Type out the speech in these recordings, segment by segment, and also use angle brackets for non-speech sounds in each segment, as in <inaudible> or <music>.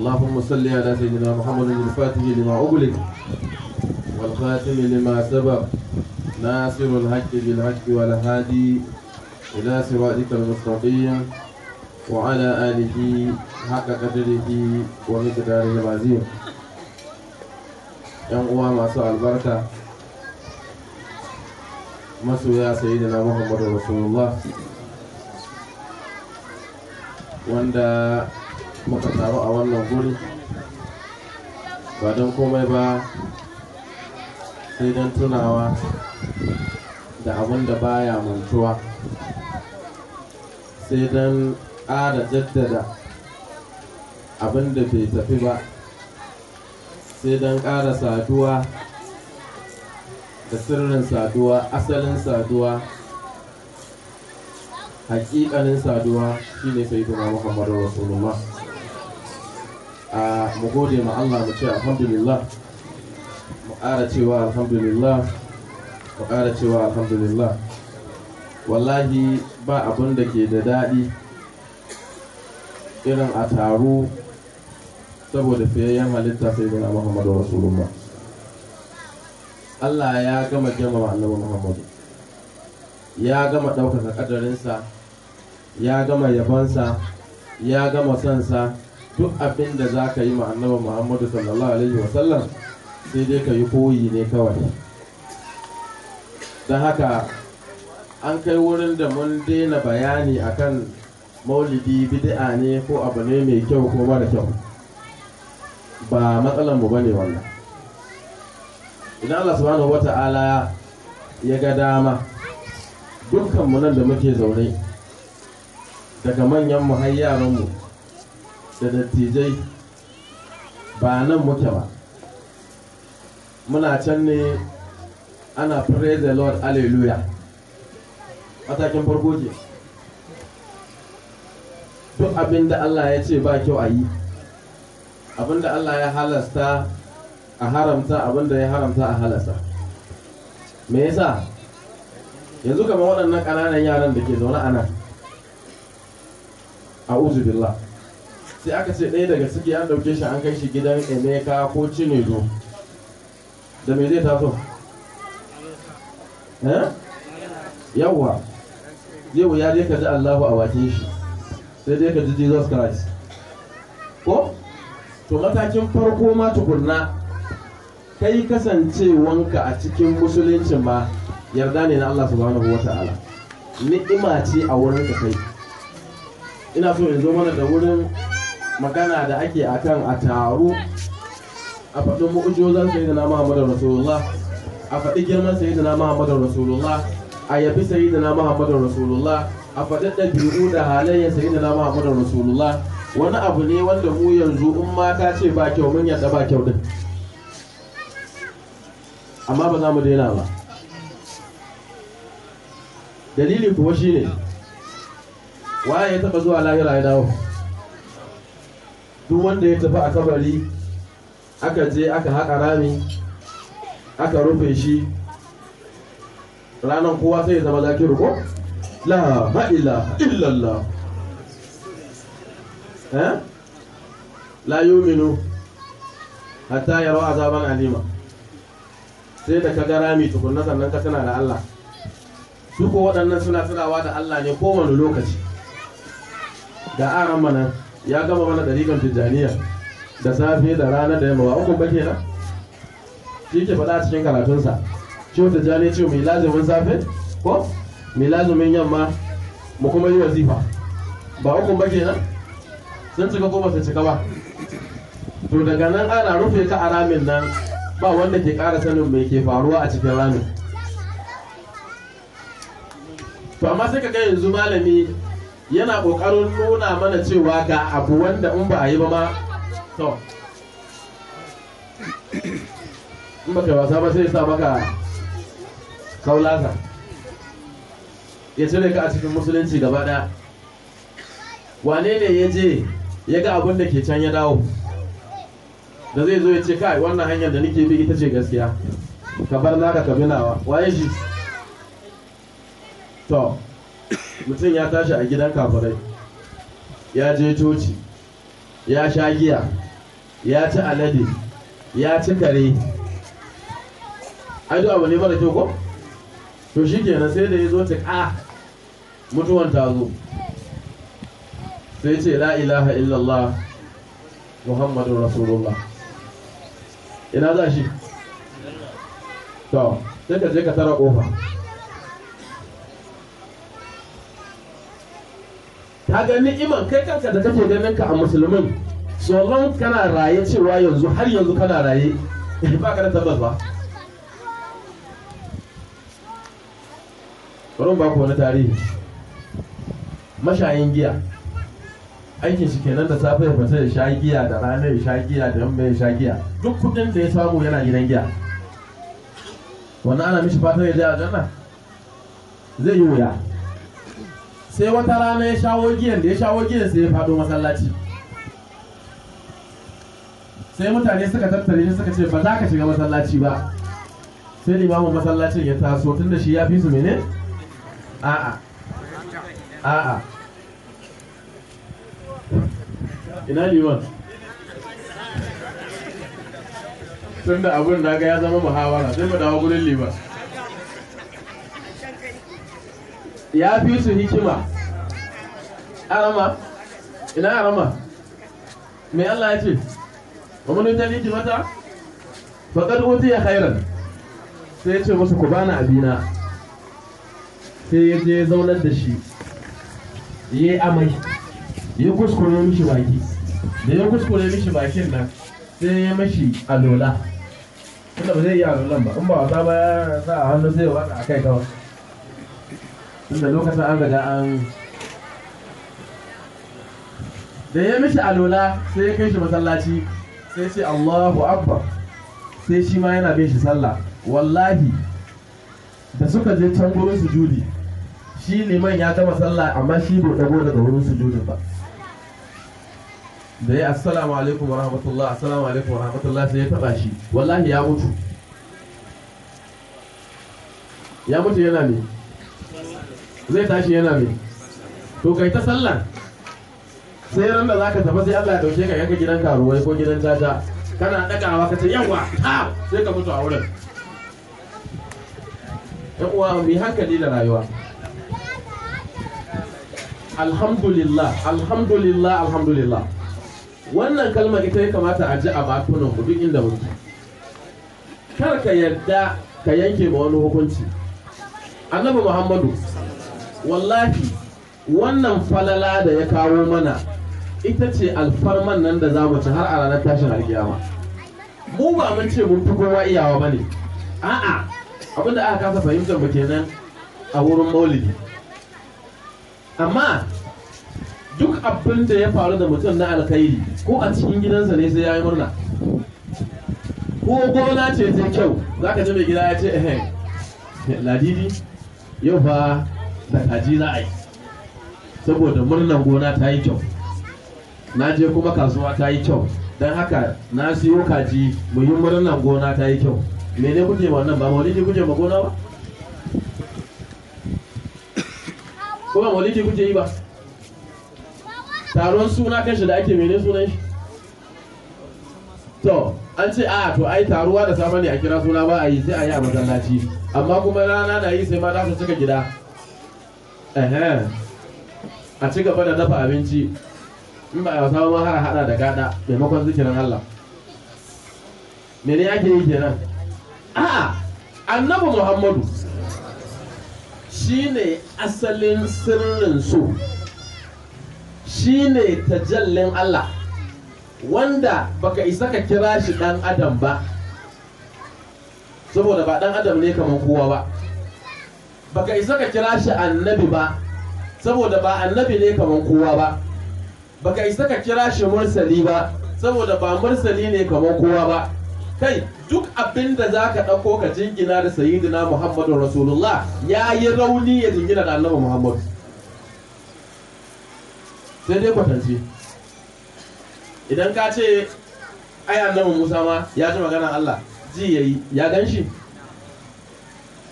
اللهم صل على سيدنا محمد الفاتح لما أغلق والخاتم لما سبق ناصر الحق بالحق والهادي إلى صراطك المستقيم وعلى آله حق قدره ومقداره العظيم البركة ما سوى يا سيدنا محمد رسول الله وأنت muka taru a wannan guri ba don komai ba sai don tunawa da abin da baya mantuwa sai don ƙara jaddada abin da bai tafi ba sai don ƙara saduwa da sirrin saduwa asalin saduwa hakikanin saduwa shine sai kuma muhammadu rasulullah a mu gode ma Allah mu ce alhamdulillah mu ƙara cewa alhamdulillah mu ƙara cewa alhamdulillah wallahi ba abin da ke da daɗi irin a taru saboda fiyayyen halitta sai da muhammadu rasulullah Allah ya gama gama annabi muhammadu ya gama ɗaukaka ƙadarinsa ya gama yabansa, ya gama sansa duk abin da za ka yi ma annaba muhammadu sallallahu alaihi wasallam sai dai ka yi koyi ne kawai don haka an kai wurin da mun daina bayani akan maulidi bid'a ne ko abu ne mai kyau ko mara kyau ba matsalan mu bane wannan idan Allah subhanahu wata'ala ya ga dama dukkan mu nan da muke zaune daga manyan mu har yaran mu da dattijai ba nan muke ba muna can ne ana praise the lord hallelujah matakin farko ke duk abin da allah ya ce ba kyau a yi abin da allah ya halasta a haramta abin da ya haramta a halasta me yasa yanzu kamar waɗannan ƙananan yaran da ke zaune a nan a uzubillah sai aka ce ɗaya daga ciki an ɗauke shi an kai shi gidan emeka ko cinedo da me zai taso eh? yawwa zai wuya dai ka ji allahu a bakin shi sai dai ka ji jesus christ ko to matakin farko ma tukunna kai kasancewanka a cikin musulunci ma yarda ne na allah subhanahu wa ta'ala ni'ima ce a wurin ka kai ina so in zo mana da wurin magana da ake a kan a taru a faɗin da nama Muhammadu Rasulullah a faɗi girman nama Muhammadu Rasulullah a yabi nama Muhammadu Rasulullah a faɗi ɗabi'u da da nama Muhammadu Rasulullah wani abu ne wanda mu yanzu in ma ka ce ba kyau mun yadda ba kyau din amma ba za mu daina ba dalili kuwa shine waye ya taɓa zuwa lahira ya dawo duk wanda ya tafi a kabari aka je aka haƙa rami aka rufe shi ranar kowa sai ya zama zakiru ko la ma'ila, illallah eh? la yuminu hatta ya rawa azaban alima sai da ka ga rami tukunna sannan ka tana da Allah duk waɗannan suna tunawa da Allah ne kowane lokaci da aran manan ya gama mana ɗariƙan tijjaniya da safe da rana da yamma ba uku ba kenan shi ke faɗa a cikin karatunsa ciwo tijjani ciwo mai lazumin safe ko mai lazumin yamma mu kuma yi wazifa ba uku ba kenan sun cika ko ba su cika ba to daga nan ana rufe ta a ramin nan ba wanda ke ƙara sanin mai ke faruwa a cikin ramin to amma sai ka ga yanzu malami yana kokarin nuna mana cewa ga abu wanda in ba a yi ba ma to in ba kai wasa ba sai sa maka kaulasa ya cire ka a cikin musulunci gaba ɗaya wane ne ya je ya ga abin da ke can ya dawo da zai zo ya ce kai wannan hanyar da nake bi ita ce gaskiya ka bar naka ka binawa waye shi to mutum ya tashi a gidan kafirai ya je coci ya sha giya ya ci alade ya ci kare ai abu ne mara kyau ko to shi kenan sai da ya zo ta ka ah, mutuwan ta zo sai ce la ilaha illallah muhammadun rasulullah ina za shi to sai ka je ka tara kofa ka ga ni'iman kai kanka da kake ganin ka a musulmin tsoron kana raye cewa yanzu har yanzu kana raye <laughs> ba ka da tabbas ba bari ba ku wani tarihi mashayin giya aikin shi kenan da safe ya fita ya sha giya da rana ya sha giya da yamma ya sha giya duk kudin da ya samu yana gidan giya wannan ana mishi fatan ya je a janna zai yi wuya sai wata rana ya shawo giyan da ya shawo giyan sai ya fado masallaci sai mutane suka tattare shi suka ce ba za ka shiga masallaci ba sai limamin masallacin ya taso tun da shi ya fi su mene a'a a'a ina liman tun da abin da ya zama muhawara sai mu dawo gurin liman ya fi su hikima arama ina arama mai Allah ya ce wa mun ta liki mata faqad ya khairan sai ya ce musu ku bani abina sai ya je zaunar da shi yi amai ya kuskure mishi baki da ya kuskure mishi bakin nan sai ya mashi alola tunda ba zai yi alolan ba in ba wasa ba sa a hannu zai wata a kai kawai tunda lokacin an riga an da ya mishi alola sai ya kai shi masallaci sai ce Allahu Akbar sai shi ma yana bin shi sallah wallahi da suka je can gurin sujudi shi liman ya gama sallah amma shi bai dago daga wurin sujudin ba da ya assalamu alaikum wa rahmatullah assalamu alaikum wa rahmatullah sai ya taba shi wallahi ya mutu ya mutu yana ne zai tashi yana mai to kai ta sallah sai ran da zaka tafi sai Allah ya dauke ka yanka gidan karuwai ko gidan tata kana dagawa ka ce yawa ta sai ka mutu a wurin yan uwa mai hankali da rayuwa alhamdulillah alhamdulillah alhamdulillah wannan kalma ita ya kamata a ji a bakunan ku duk inda mutu kar ka yarda ka yanke ma wani hukunci annabi muhammadu wallahi wannan falala da ya kawo mana ita ce alfarman nan da za mu ci har a ranar tashin alkiyama mu ba mun ce mun fi kowa iyawa ba ne a'a abin da aka kasa fahimtar mu kenan a wurin maulidi amma duk abin da ya faru da mutum na alkhairi ko a cikin gidansa ne sai ya yi murna ko gona ce ta kyau za ka ji mai gida ya ce ehem ladidi yau fa da kaji za a yi saboda murnan gona ta yi kyau na je kuma kasuwa ta yi kyau don haka na siyo kaji mu yi murnan gona ta yi kyau me ne kuke wannan ba ke kuke ma gona ba kuma maulidi kuke yi ba taron suna kashi da ake mene sunan shi to an ce a ah, to ai taruwa da safe ne a kira suna ba a yi sai a yi a masallaci amma kuma rana na yi sai ma za su cika gida a ci gaba da dafa abinci in ba a wasa ma har hada da gada maimakon zikirin Allah ne yake yi kenan a'a annabi Muhammadu shine asalin sirrin so shine tajallin Allah wanda baka isa ka kira shi dan adam ba saboda ba dan adam ne kamar kowa ba baka isa ka kira shi annabi ba saboda ba annabi ne kamar kowa ba baka isa ka kira shi mursali ba saboda ba mursali ne kamar kowa ba kai duk abin da za ka ɗauko ka jingina da sayyidina muhammadu rasulullah ya yi rauni ya jingina da annabi muhammadu sai dai kwatance idan ka ce ai annabi musa ma ya ji magana allah ji ya yi ya gan shi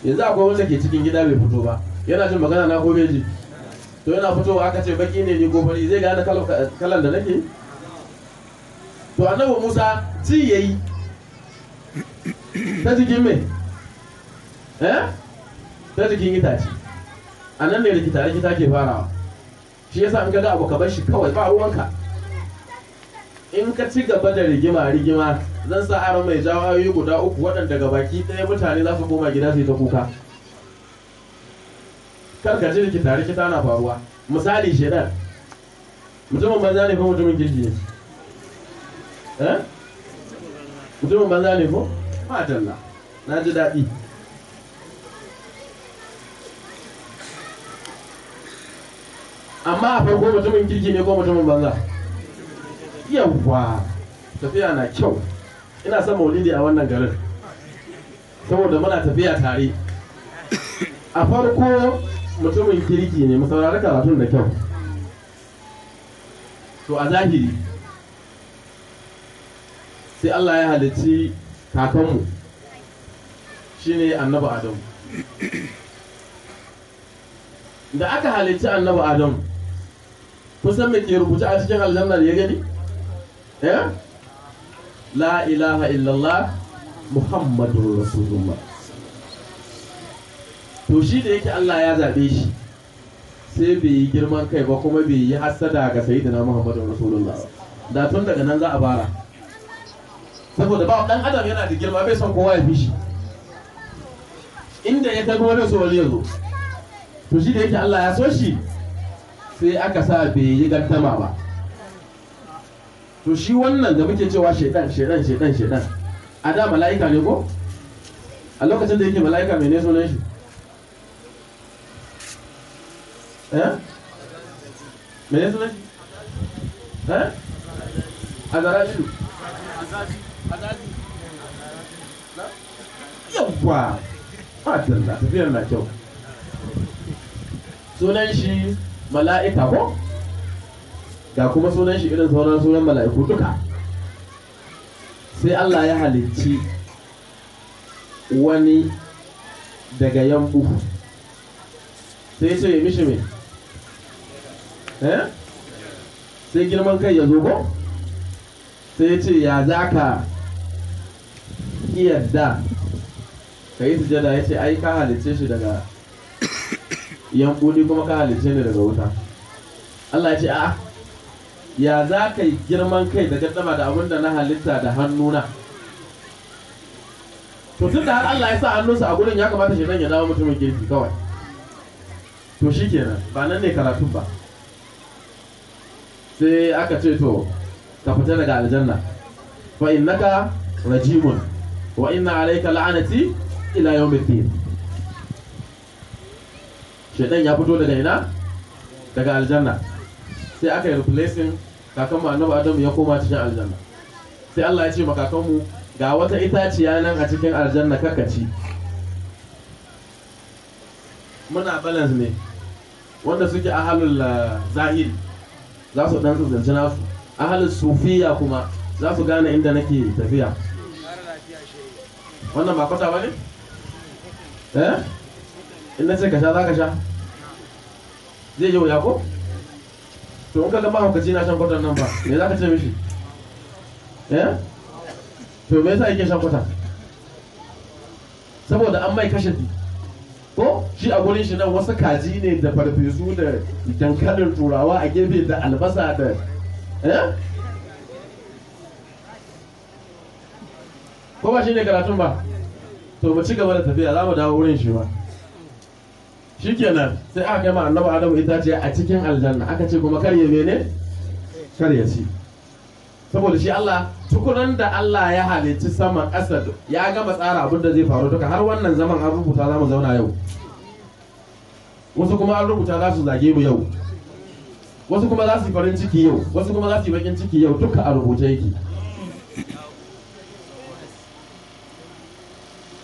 yanzu akwai wanda ke cikin gida bai fito ba yana jin magana na gobe ji to yana fitowa aka ce baki ne ni ko fari zai gane kalan da nake to annabi Musa ci yayi ta jikin me eh ta jikin itace a nan ne rikita rikita ke farawa shi yasa in ka ga abu ka bar shi kawai ba ruwanka in ka ci gaba da rigima rigima zan sa aron mai jawo ayoyi guda uku waɗanda ga baki ɗaya mutane za su koma gida su yi ta kuka karka ji rikita rikita na faruwa misali shedan mutumin banza ne ko mutumin girgi ne Eh? mutumin banza ne ko madalla na ji daɗi amma a farko mutumin kirki ne ko mutumin banza yawwa tafiya na kyau ina son maulidi a wannan garin saboda muna tafiya tare a farko mutumin kirki ne mu karatun da kyau to a zahiri sai Allah ya halicci kakanmu shine annabi Adamu da aka halicci annabi Adamu kusan me ke rubuta a cikin aljanna da ya gani eh? la ilaha illallah muhammadun rasulullah to shi da yake Allah ya zaɓe shi sai bai yi girman kai ba kuma bai yi hassada ga sayyidina muhammadun rasulullah da tun daga nan za a bara saboda ba dan adam yana da girma bai son kowa ya fi shi inda ya kai kuma so wani yazo to shi da yake Allah ya so shi sai aka sa bai yi gantama ba to shi wannan da muke cewa shaidan shaidan shaidan shaidan a da mala'ika ne ko a lokacin da yake mala'ika mai ne sunan shi eh mene sunan shi eh azarajilu yawwa fatan da tafiyar na kyau sunan shi mala'ika ko ga kuma sunan shi irin sauran sunan mala'iku duka sai Allah ya halicci wani daga yambu sai ce ya mishi mai eh? sai girman kai ya zo ko sai ce ya za ka da ka yi sujada ya ce ai ka halicce shi daga <coughs> yambu ni kuma ka halicce ni daga wuta Allah ya ce a'a ya za ka yi girman kai da gaddama da abin da na halitta da hannuna to tun da har Allah ya sa hannunsa a gurin ya kamata shi nan ya dawo mutumin girki kawai to shi kenan ba nan ne karatu ba sai aka ce to ka fita daga aljanna fa innaka rajimun wa inna alayka la'anati ila yawmiddin shedan ya fito daga ina daga aljanna sai aka yi replacing kakan mu annabi adamu ya koma cikin aljanna sai Allah ya ce ma kakan mu ga wata itaciya nan a cikin aljanna kaka ci muna balance ne wanda suke ahalul ah, zahiri za su dan tsanci su ahalul sufiya kuma za su gane inda nake tafiya wannan ba kwata ba ne? eh? in na ce ka sha za ka sha zai yi wuya ko? to in kaga mahaukaci na shan kwatan nan ba me za ka ce mishi eh to me yasa yake shan kwata saboda an mai kashe ko shi a gurin shi nan wasu kaji ne da farfesu da dankalin turawa a gefe da albasa da eh ko ba shi ne karatun ba to mu ci gaba da tafiya za mu dawo wurin shi ba shikenan sai aka kai ma annabi adamu ita ce a cikin aljanna aka ce kuma kar ya mene kar ya ci saboda shi Allah tukunan da Allah ya halicci sama Asad ya gama tsara abin da zai faru duka har wannan zaman an rubuta za mu zauna yau wasu kuma an rubuta za su zage mu yau wasu kuma za su yi farin ciki yau wasu kuma za su yi bakin ciki yau duka a rubuce yake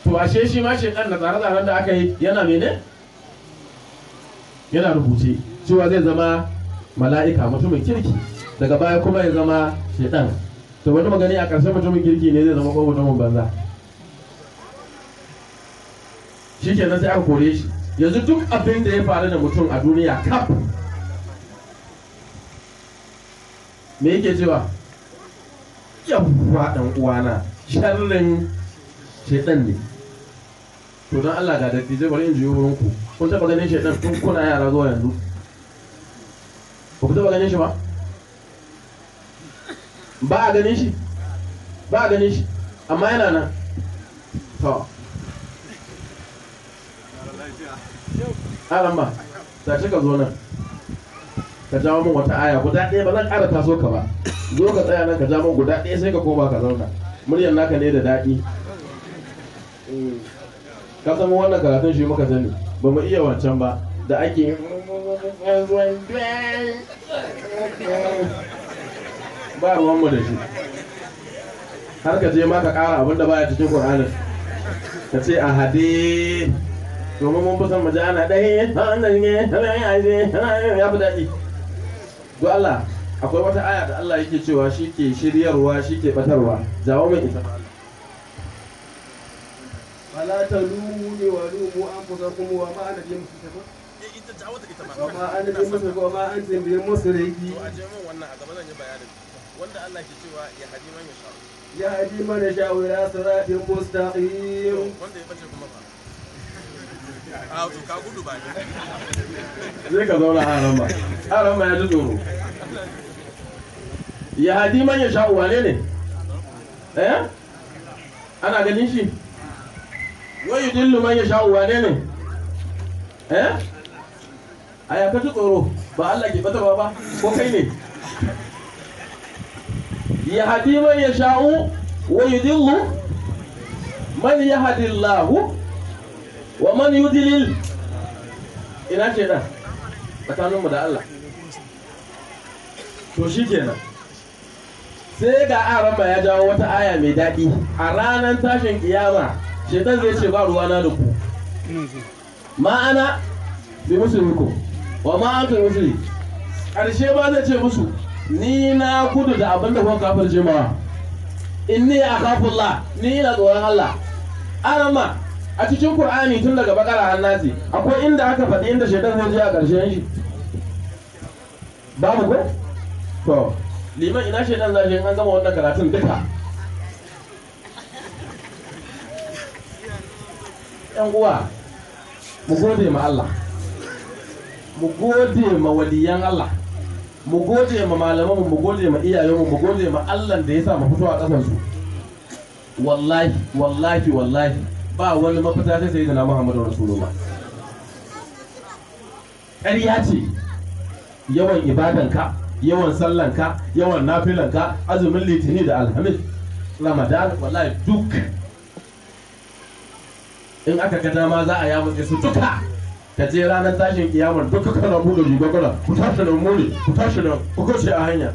to ashe shi ma shekan da tsare-tsaren da aka yi yana mene? ne yana rubuce cewa zai zama mala'ika mutumin kirki daga baya kuma ya zama shaitan to wani magani a ƙarshen mutumin kirki ne zai zama ko mutumin banza shi shikenan sai aka kore shi yanzu duk abin da ya faru da mutum a duniya kaf me yake cewa yawwa ɗan uwana sharrin shaitan ne to dan Allah ga dattijai bari in jiyo wurin ku kun taba ganin shi ɗan tun kuna yara zuwa yanzu ba ku taɓa ganin shi ba ba a ganin shi ba a ganin shi amma yana nan to aran ba ta ce ka zo nan ka jawo min wata aya guda ɗaya ba zan ƙara taso ka ba zo ka tsaya nan ka jawo min guda ɗaya sai ka koma ka zauna muryar naka ne da daɗi ka san wannan karatun shi muka sani ba mu iya wancan ba da ake ba ruwanmu da shi har ka je ma ka ƙara abin da baya cikin ƙur'anin ka ce a hade domin mun fi son mu ji ana ɗaya hannun ne hannun ya fi daɗi don Allah akwai wata aya da Allah yake cewa shi ke shiryarwa shi ke ɓatarwa jawo mai ita ألا تلوموني ولوموا أنفسكم وما أنا بمصرخكم وما أنا بمصرخ وما أنتم بمصرخي wanda Allah ke cewa ya haji man ya sha'u ya haji man ya sha'u ila siratin mustaqim wanda ya bace kuma ba zai ka zauna haram ba haram ba ya ji tsoro ya haji man ya ne eh ana ganin shi wai dillu man ya sha'u wane ne eh a ya kaji tsoro ba Allah ke bata ba ko kai ne ya hadi man ya sha'u wa yudillu man ya hadi Allah wa man yudlil ina ce da tsakanin mu da Allah to shi kenan sai ga arama ya jawo wata aya mai daɗi a ranar tashin kiyama shetan zai ce ba ruwana da ku ma'ana bi musulmiku wa ma'anta musuli ƙarshe ba zai ce musu ni na gudu da abin da kuma kafin jimawa inni a kafin la ni ina tsoron Allah arama a cikin Kur'ani tun daga bakara nasi akwai inda aka faɗi inda shaitan zai je a ƙarshen shi babu ko to liman ina shaitan zai je an gama wannan karatun duka yan uwa mu gode ma Allah mu gode ma waliyan Allah mu gode ma malaman mu gode ma iyayen mu gode ma Allah da ya sa mu fito a kasan su wallahi wallahi wallahi ba wani mafita sai sayyidina Muhammadu Rasulullah ƙarya ce yawan ibadanka yawan sallanka yawan nafilanka azumin litini da alhamis ramadan wallahi duk in aka ga dama za a yamutse su duka ka je ranar tashin kiyamar duka kana buga jugagula ku tashi da mure ku tashi da ku kace a hanya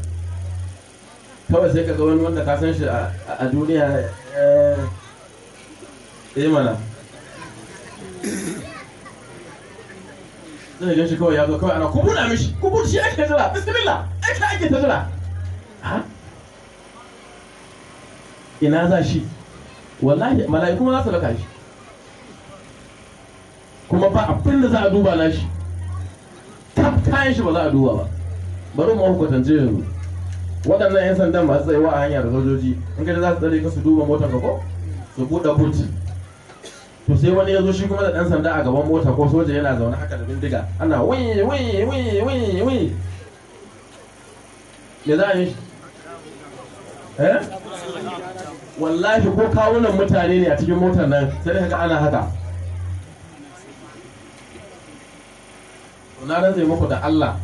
kawai sai ka ga wani wanda ka san shi a duniya eh, eh mana zai gan shi kawai ya zo kawai ana ku buɗa mishi ku buɗa shi ake jira bismillah ake ake ta jira ina za shi wallahi mala'iku ma za su raka shi kuma ba abin da za a duba na shi tab kayan shi ba za a duba ba bari mu kwatance yanzu waɗannan 'yan sandan masu tsayewa a hanyar sojoji in ka za su tsare ka su duba motar ka ko su buɗe but to sai wani ya zo shi kuma da ɗan sanda a gaban mota ko soja yana zaune haka da bindiga ana wi-wi-wi-wi-wi za a yi eh wallahi ko kawunan mutane ne a cikin motar nan sai ka ana haka na rantsa muku da Allah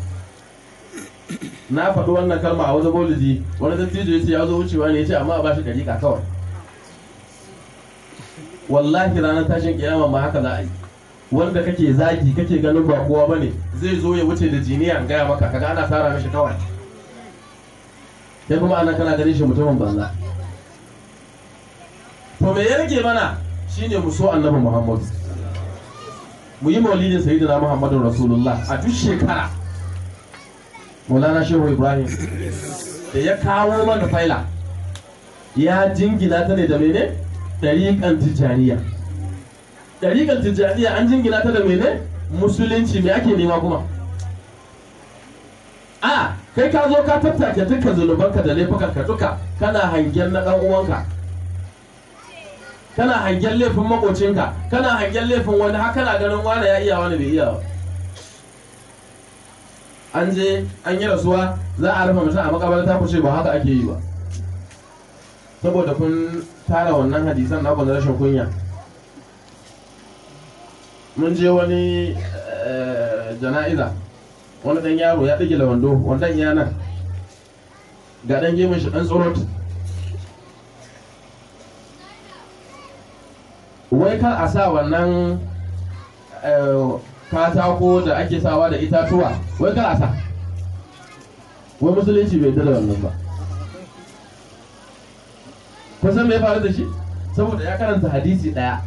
na faɗi wannan kalma a wajen maulidi wani dattijo ya ce ya zo wucewa ne ya ce amma a bashi dariƙa kawai wallahi ranar tashin kiyama ma haka za a yi wanda kake zagi kake ganin ba kowa ne, zai zo ya wuce da jiniya gaya maka kaga ana tara mishi kawai ya kuma ana kana ganin shi mutumin banza to me ya rage mana shine mu so annabi muhammadu mu yi maulidin sayyidina muhammadun rasulullah a duk shekara maulana shehu ibrahim da ya kawo mana faila ya jingila ta ne da mene ɗariƙan tijjaniya ɗariƙan tijjaniya an jingina ta da mene musulunci me ake nema kuma a kai ka zo ka tattake dukkan zunubanka da laifukan ka duka kana hangen na ɗan uwanka kana hangen laifin makocinka kana hangen laifin wani haka na ganin wani ya iya wani bai iya ba an je an yi rasuwa za a rufe mutum a makabarta ku ce ba haka ake yi ba saboda kun tara wannan hadisan na rashin kunya mun je wani eh, jana'iza wani dan yaro ya ɗage lawando wandan ya nan ga dan gemun shi dan tsorot wai kar a sa wannan eh, katako da ake sawa da itatuwa wai kar a sa wai musulunci bai da wannan ba kusan mai faru da shi saboda ya karanta hadisi daya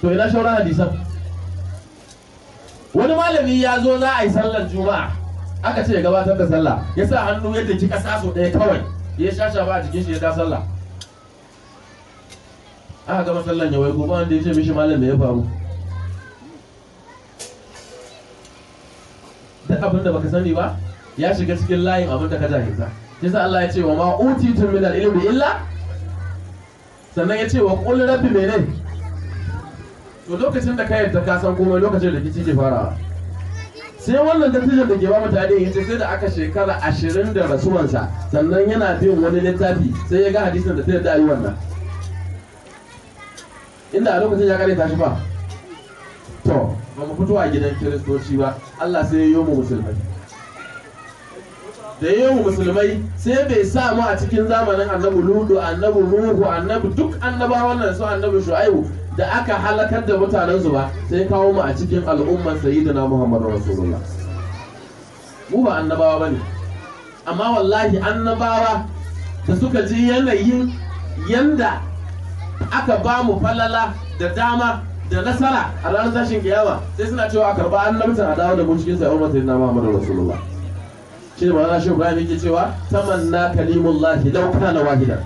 to ina shauran hadisan wani malami ya zo za a yi sallar juma'a aka ce ya gabatar da sallah ya sa hannu yadda ci kasa so ɗaya kawai ya sha ba a jikin shi ya da sallah aka gama sallan ya waigo ba wanda ya ce mishi malam da ya faru Da abin da baka sani ba ya shiga cikin layin abin da ka jahilta sa Allah ya ce wa ma utitu min al-ilmi illa sannan ya ce wa qul rabbi menene to lokacin da ka yarda ka san komai lokacin da kici ke farawa sai wannan dattijan da ke ba mutane yace sai da aka shekara ashirin da rasuwansa sannan yana bin wani littafi sai ya ga hadisin da sai da yi wannan inda a lokacin ya kare tashi ba to ba mu fito a gidan kiristoci ba Allah sai ya yi mu musulmai da yi mu musulmai sai bai sa mu a cikin zamanin annabu ludu annabu ruhu annabu duk annaba wannan su annabu shu'aibu da aka halakar da mutanen su ba sai kawo mu a cikin al'ummar sayyidina muhammadu rasulullah mu ba annabawa ne. amma wallahi annabawa da suka ji yanayin yanda aka ba mu falala da dama da nasara a ranar tashin kiyama sai suna cewa a karba annabtan a dawo da mu cikin umar umma sayyidina Muhammadu Rasulullah shi ba na shi Ibrahim yake cewa tamanna kalimullah law kana wahidan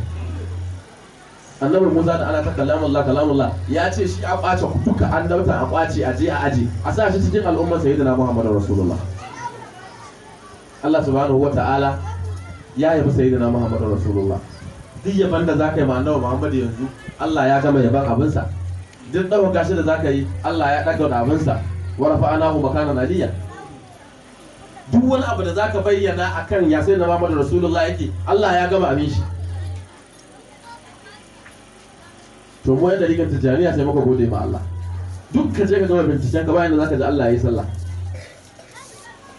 annabi Musa da ana ta kalamullah kalamullah ya ce shi a kwace duka annabtan a kwace a je a aji. a sa shi cikin al'umma sayyidina Muhammadu Rasulullah Allah subhanahu wata'ala ya yabi sayyidina Muhammadu Rasulullah duk yaban da zaka yi ma annabi Muhammad yanzu Allah ya gama yaban abinsa duk dawo gashi da zaka yi Allah ya ɗaga da abinsa wa rafa'anahu makanan aliyya duk wani abu da zaka bayyana akan ya sai na Muhammad Rasulullah yake Allah ya gama amin shi to mu yadda rigar tijaniya sai maka gode ma Allah duk ka je ka gama binciken ka bayan da zaka ji Allah ya yi sallah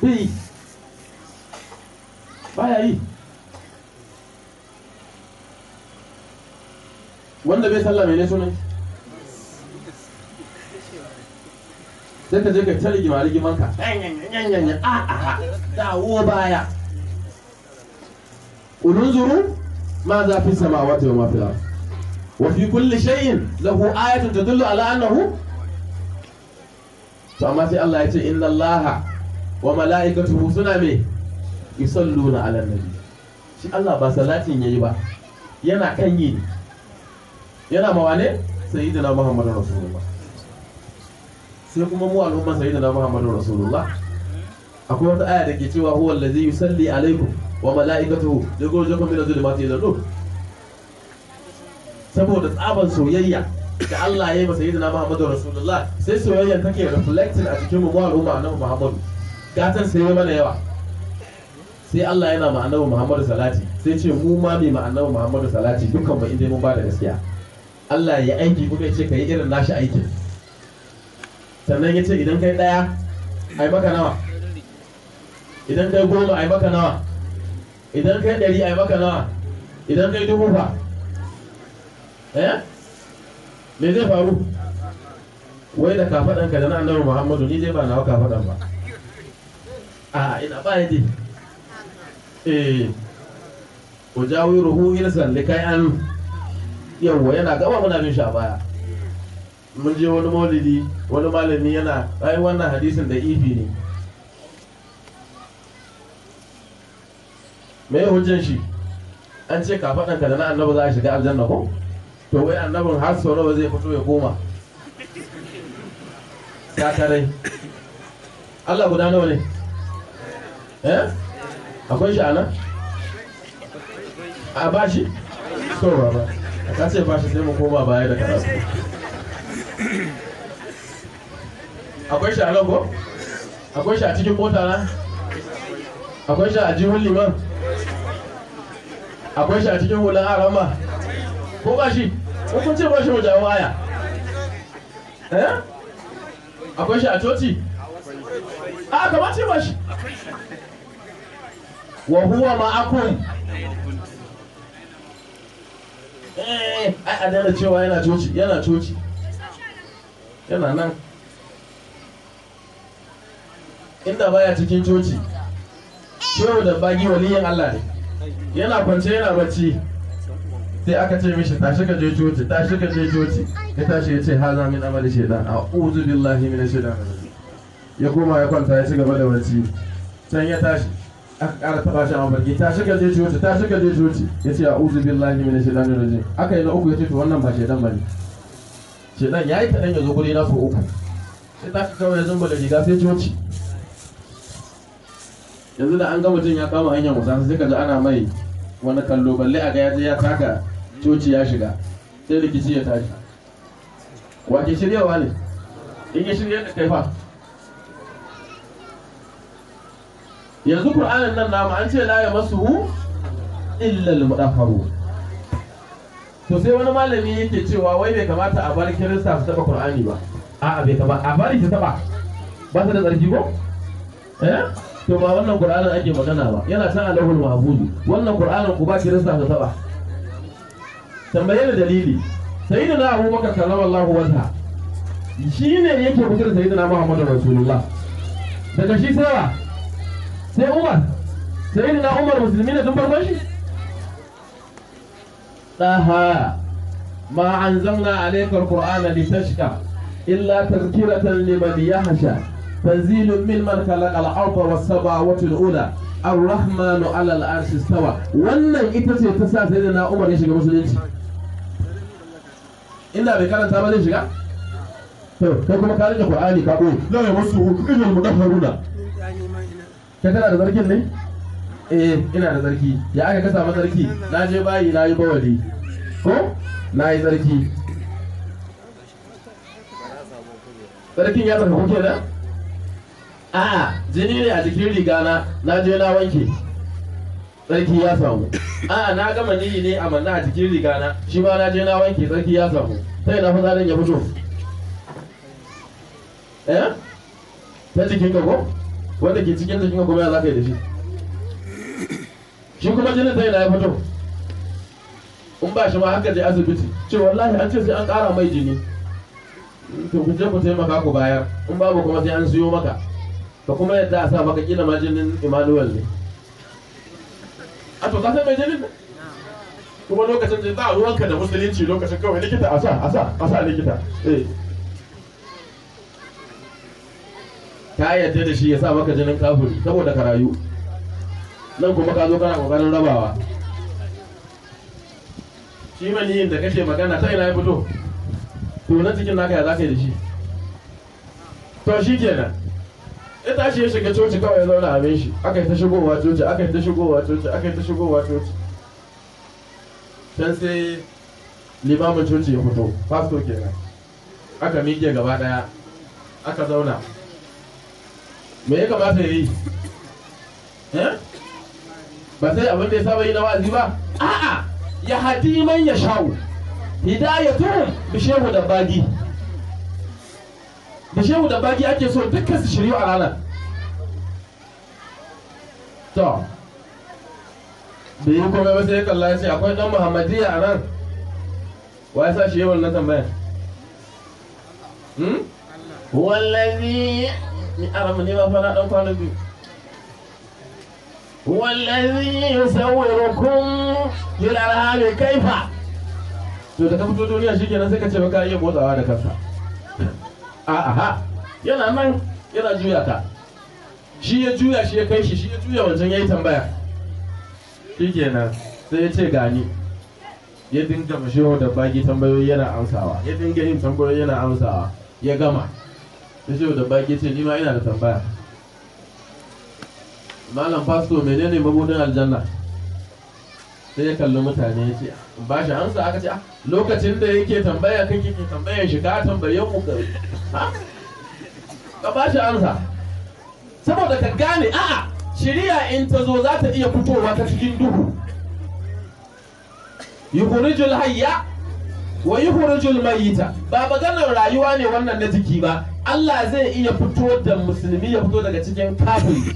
bai baya yi wanda bai sallah mai ne sunan sai ka je ka tare gima rigiman ka a a ah, ah, ah. dawo baya ulun zuru ma za fi sama wata ma fi ardh wa fi kulli shay'in lahu ayatun tadullu ala annahu to amma sai Allah ya ce inna Allah wa mala'ikatuhu suna me yusalluna ala nabi shi Allah ba salatin yayi ba yana kan yi ne yana mawa ne sayyidina Muhammadu rasulullah sai kuma mu al'umma sayyidina Muhammadu rasulullah akwai wata aya da ke cewa huwa yi salli alaikum wa mala'ikatuhu yakhrujukum min adh-dhulumati ila an-nur saboda tsaban soyayya da Allah ya yi masa yi na Muhammadu Rasulullah sai soyayya take reflecting a cikin mummuwa al'umma annabi Muhammadu gatan sai ya mana yawa sai Allah yana ma annabi Muhammadu salati sai ce mu ma mai ma annabi Muhammadu salati dukkan ba inda mun ba da gaskiya Allah ya aiki kuma ya ce ka yi irin nashi aikin sannan ya ce idan kai ɗaya ai maka nawa idan kai goma ai maka nawa idan kai ɗari ai maka nawa idan kai dubu fa eh me zai faru wai da kafaɗan ka da na annabi Muhammadu ni zai ba nawa kafaɗan ba a ina ba yadda eh ruhu ilzan likai an yawwa yana gaba muna bin shi a baya mun je wani maulidi wani malami yana ai wannan hadisin da ifi ne me hujjan shi an ce ka faɗan ka da na annabi za a shiga aljanna ko to wai annabin har sau nawa zai fito ya koma kakarai Allah guda nawa ne eh akwai shi a nan a bashi to ba ba a ta ce ba shi sai mu koma baya da karatu akwai shi a nan akwai shi a cikin mota na akwai shi a jihun liman akwai shi a cikin hulan arama ko ba shi kun ce ba shi mu aya eh akwai shi a coci a kamar ce ba shi wa huwa ma'akum eh ai a cewa yana coci yana coci yana nan inda baya cikin coci cewa da bagi waliyin Allah ne yana kwance yana bacci sai aka ce mishi tashi ka je coci tashi ka je coci ya tashi ya ce haza min amali shaidan. a uzu billahi min shaidan. ya koma ya kwanta ya ci gaba da bacci can ya tashi aka ƙara taɓa shi a mafarki ta shiga je ciwoci ta shiga je ciwoci ya ce a uzu billahi min shaitanir rajim aka yi na uku ya ce to wannan ba shaitan ne. shaitan ya yi kaɗan ya zo guri na so uku sai ta ka kawai ya zumba da riga sai ciwoci yanzu da an gama jin ya kama hanyar musa sai ka ji ana mai wani kallo balle a ga ya je ya taka coci ya shiga sai rikici ya tashi Wa wake shiryawa ne in ya shirya da kai fa yanzu qur'anin nan namu an ce la ya masu illa al-mudaffaru to sai wani malami yake cewa wai bai kamata a bar kirista su taba qur'ani ba a'a bai kamata a bari su taba ba su da tsarki ko eh to ba wannan qur'anin ake magana ba yana san alahul mahbudu wannan qur'anin ku ba kirista su taba tambaye da dalili sayyidina abubakar sallallahu alaihi wasallam shine yake fitar sayyidina muhammadu rasulullah daga shi sai sai umar sai na umar musulmi ne tun farko shi ɗaha ma an zanna alaikar qur'ana tashka illa tazkiratan liman yahsha tanzilun mimman man al-ardha was-samawati al-ula ar-rahmanu 'ala al-'arshi wannan ita ce ta sa sai na umar ya shiga musulunci inda bai karanta ba zai shiga to kai kuma ka rike qur'ani ka ko la ya masu ilal mudahharuna kai tana da zargin ne eh ina da zargi ya aka kasa ma zargi na je bayi na yi bawali ko na yi zargi zargin ya kuke da? a'a jini ne a jikin riga na na je na wanke Sarki ya samu a na gama niyi ne a manna a jikin riga na shi ba na je na wanke Sarki ya samu sai na fitsarin ya fito eh ta jikin ka ko wanda ke cikin jikin kuma ya za ka yi da shi shi kuma jinin ta yana ya fito in ba shi ma haka je asibiti ce wallahi an ce sai an ƙara mai jini to ku je ku taimaka ku bayar in babu kuma sai an siyo maka ka kuma yadda a sa maka kila ma jinin Emmanuel ne a to ka mai jinin kuma lokacin da ba ruwanka da musulunci lokacin kawai likita a sa a sa a sa likita eh ka yarda da shi ya sa maka jinin kafiri saboda ka rayu nan kuma ka zo kana kokarin rabawa shi maniyin da kake magana ta ina ya fito to na cikin naka ya zaka yi da shi to shi kenan ya tashi ya shiga coci kawai ya zauna abin shi aka yi ta shigowa coci aka yi ta shigowa coci aka yi ta shigowa coci can sai limamin coci ya fito fasto kenan aka miƙe gaba ɗaya aka zauna me ya kamata ya yi eh? ba sai abin da ya saba yi na wa'azi ba a'a ya hadi man ya shawo hidayatun bishehu da bagi bishehu da bagi ake so dukkan su shiryu a ranar to da yi kuma ba sai ya kalla ya ce akwai dan muhammadiyya a nan wa ya sa shi yi wannan tambayar hmm? wallazi ni arama ne ma fara dan kwana biyu wallazi yusawwirukum bil arham kaifa to da ka fito duniya shikenan sai ka ce baka iya motsawa da kansa <laughs> a aha yana nan yana juya ta shi ya juya shi ya kai shi shi ya juya wancan yayi tambaya shikenan sai ya ce gani ya dinga mashewa da baki tambayoyi yana amsawa ya dinga yin tambayoyi yana amsawa ya gama ta ce da baki ce ni ma ina da tambaya malam fasto menene mabudin aljanna sai ya kalli mutane ya ce ba shi hansa aka ce ah, lokacin da yake tambaya kake ke tambayar shi ka tambayen mu ka ba shi hansa saboda ka gane a'a shirya in ta zo za ta iya fitowa ta cikin duhu yukhrijul hayya wa hurujul mayita ba maganar rayuwa ne wannan na jiki ba Allah zai iya fito da musulmi ya fito daga cikin kafiri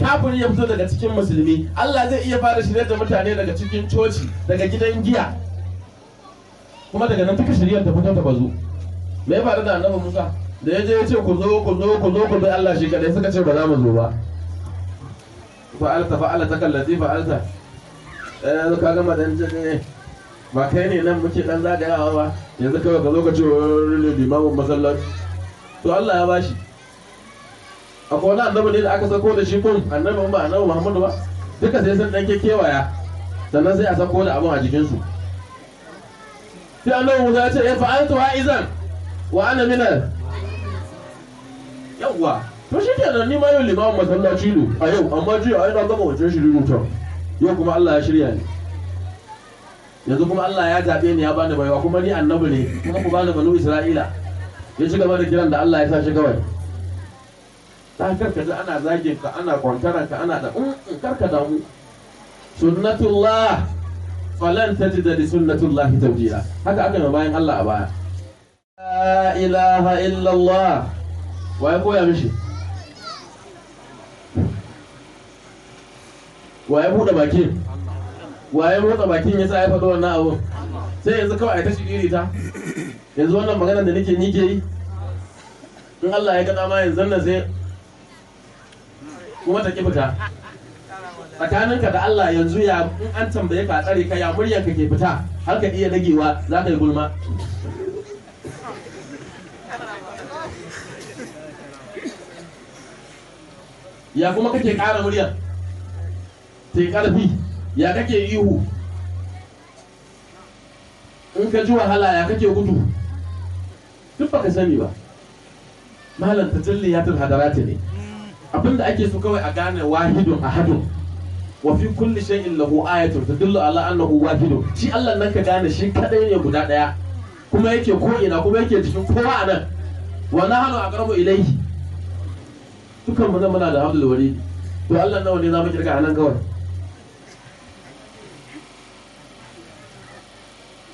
kafiri ya fito daga cikin musulmi Allah zai iya fara shirya da mutane daga cikin coci daga gidan giya kuma daga nan duka shirya ta fito ta bazo me ya faru da annabi Musa da ya je ya ce ku zo ku zo ku zo ku bi Allah shi kadai suka ce ba za mu zo ba fa'alta fa'alta kallati fa'alta eh ka gama dan ne ba kai ne nan muke dan zagayawa ba yanzu kawai ka zo ka ce limamin masallaci to Allah ya bashi akwai wani annabi ne da aka sako da shi kun annabin ba annabi Muhammadu ba duka sai sun dan kewaya sannan sai a sako da abin a jikin su sai annabi Musa ya ce ya fa'altu ha'izan wa ana minal yawa to shi ke nan ni ma yau limamin masallaci ne a yau amma jiya ai na zama wajen shi rubuta yau kuma Allah ya shirya ni yanzu kuma Allah ya zaɓe ni ya bani baiwa kuma ni annabi ne kuma ku bani banu Isra'ila ya ci gaba da kiran da Allah ya sa shi kawai ta karka ji ana zage ka ana kwantara ka ana da in mm, mm, karka damu sunnatullah falan tajida li sunnatullah tawjila haka aka yi bayan Allah a baya la ilaha illallah wa ya koya mishi wa ya buɗe bakin waye motsa bakin ya sa ya faɗo wannan abu sai yanzu kawai a ta shi ta yanzu wannan maganar da nake ni ke yi in Allah ya kada ma yanzu nan sai kuma ta ki fita tsakaninka da Allah yanzu ya in an tambaye ka tsare ka ya muryar ka ke fita har ka iya dagewa za ka yi gulma ya kuma kake ƙara muryar ta yi ƙarfi ya kake ihu in ka ji wahala ya kake gudu duk ka sani ba malam tajalliyatul hadarati ne abinda ake so kawai a gane wahidun ahadun wa fi kulli shay'in lahu ayatun tadullu ala annahu wahidun shi Allah nan ka gane shi kadai ne guda daya kuma yake ko ina kuma yake cikin kowa anan wa nahnu aqrabu ilayhi dukan mu nan muna da hamdul wali to Allah nawa ne za zamu kirga anan kawai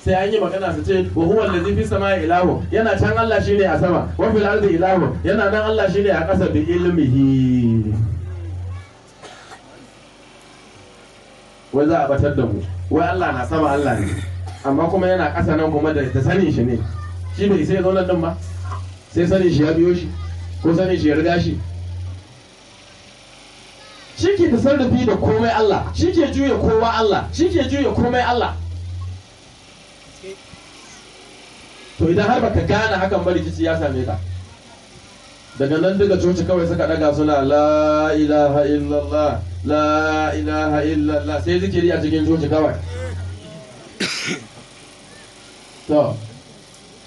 sai an yi magana su ce wa huwa allazi fi samai ilahu yana can Allah shine a sama wa fil ardi ilahu yana nan Allah shine a ƙasa bi ilmihi wai za a batar da mu wai Allah na sama Allah ne amma kuma yana ƙasa nan kuma da sanin shi ne shi bai sai zauna din ba sai sanin shi ya biyo shi ko sanin shi ya riga shi shi ke tasarrufi da komai Allah shi ke juya kowa Allah shi ke juya komai Allah to idan har baka gane hakan ba rikici ya same ka daga nan daga coci kawai suka daga suna la ilaha illallah la ilaha illallah sai zikiri a cikin coci kawai to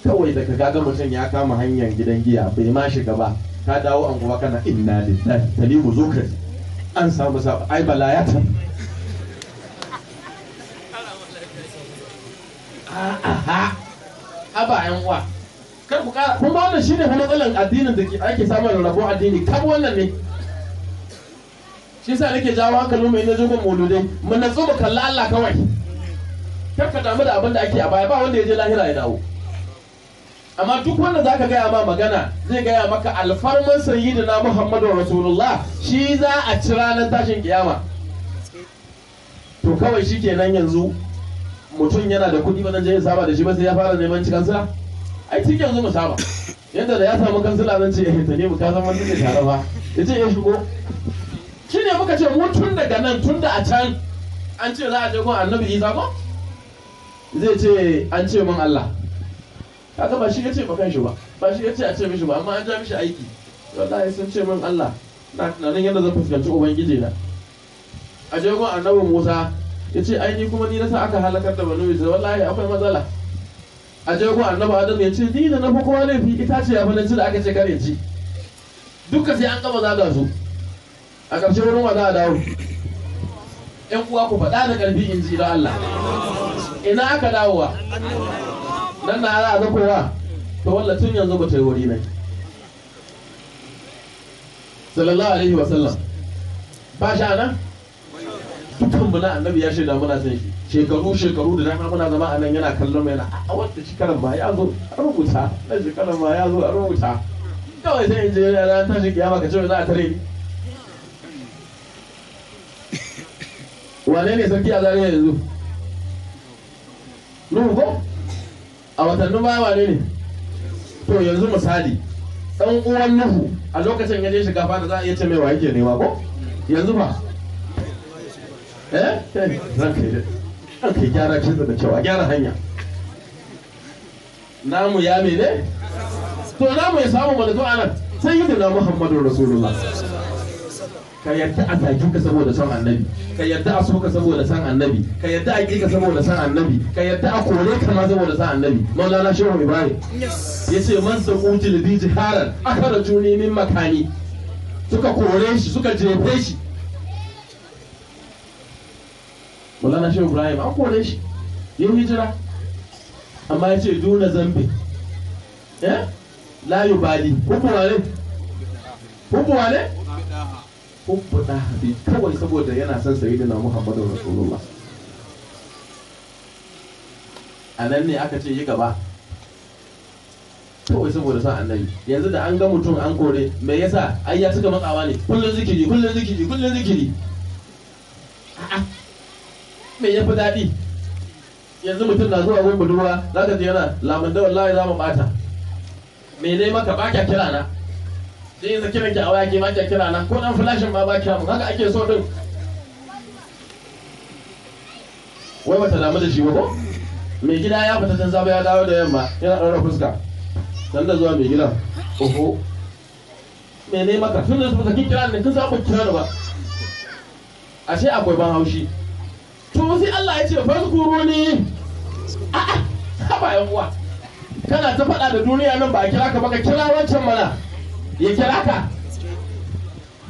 kawai daga gaga mutum ya kama hanyar gidan giya bai ma shiga ba ka dawo an kuma kana inna lillahi talibu zukar an samu sabu ai bala ya tafi <laughs> a'a Aba yan uwa kar ku kara kuma wannan shine matsalan addinin da ake samun rabo addini kar wannan ne shi yasa nake jawo hankalin mai na jogon mauludai mu natsu mu kalla Allah kawai kar ka damu da abin da ake a baya ba wanda ya je lahira ya dawo amma duk wanda zaka gaya ma magana zai gaya maka alfarman sayyidina Muhammadu Rasulullah shi za a ci ranar tashin kiyama to kawai shikenan yanzu mutum yana da kuɗi wannan jayin saba da shi ba sai ya fara neman ci kansila ai tun yanzu mu saba yadda da ya samu kansila zan ce ya ne mu ka san wannan ne tare ba ya ce ya eh, shigo ne muka ce mu tun daga nan tun da a can an ce za a je kuma annabi isa ko zai ce an ce min Allah kaga ba shi ya ce ba kan shi ba ba shi ya ce a ce mishi ba amma an ja mishi aiki wallahi sun ce min Allah na tunanin yadda zan fuskanci ubangiji na a je gun annabi Musa ya ce ai ni kuma ni nasa aka halakar da banu isra'ila wallahi akwai matsala a je ku annabi adam ya ce ni da na fi kowa laifi ita ce ya fi da aka ce kare ci duka sai an gama zaga su a ƙarshe wurin wa za a dawo ƴan uwa ku faɗa da ƙarfi in ji don Allah ina aka dawowa nan na za a zakowa to wallah tun yanzu ba ta yi wuri mai sallallahu alaihi wa ba shi a nan mu na annabi ya shaida muna san shi shekaru shekaru da dama muna zama a nan yana kallon na a wata shekarar ma ya zo a rubuta na shekarar ma ya zo a rubuta kawai sai in je ran tashi kiyama ka ce za a tare wane ne sarki a zariya yanzu nuhu ko a watannin baya wane ne to yanzu misali dan uwan nuhu a lokacin ya je shiga fa da za a iya ce mai wa yake nema ko yanzu ba eh ranka yi gyara ce da cewa gyara hanya namu ya mene to namu ya samu mana zuwa nan sai yi da muhammadu rasulullah ka yarda a zagi ka saboda son annabi ka yarda a so ka saboda son annabi ka yarda a ƙi ka saboda son annabi ka yarda a kore ka ma saboda son annabi maulana shehu ibrahim Ya ce man sa util bi jiharan akara juni min makani suka kore shi suka jefe shi mulana shi ibrahim an kore shi yau hijira amma ya ce duna zambi eh la yubali hukuwa ne hukuwa ne hukuwa ne kawai saboda yana son sayyidina muhammadu rasulullah a nan ne aka ce yi gaba kawai saboda sa annabi yanzu da an ga mutum an kore me yasa ayya ya matsawa ne Kullum zikiri kullum zikiri kullum zikiri a'a me ya fi daɗi yanzu mutum na zuwa wani budurwa za ka yana lamun da wallahi za mu bata me ne maka ba kya kira na da yanzu kiran ki a waya ke ba kya kira na ko nan flashin ma ba kya mu haka ake so din wai bata damu da shi ba ko mai gida ya fita can zaba ya dawo da yamma yana ɗaura fuska dan da zuwa mai gidan oho me ne maka tun da su ba kira ni kun mu kira ni ba ashe akwai ban haushi to sai Allah ya ce fankuru ne a'a ba yan uwa kana ta faɗa da duniya nan ba a kira ka ba ka kira wancan mana ya kira ka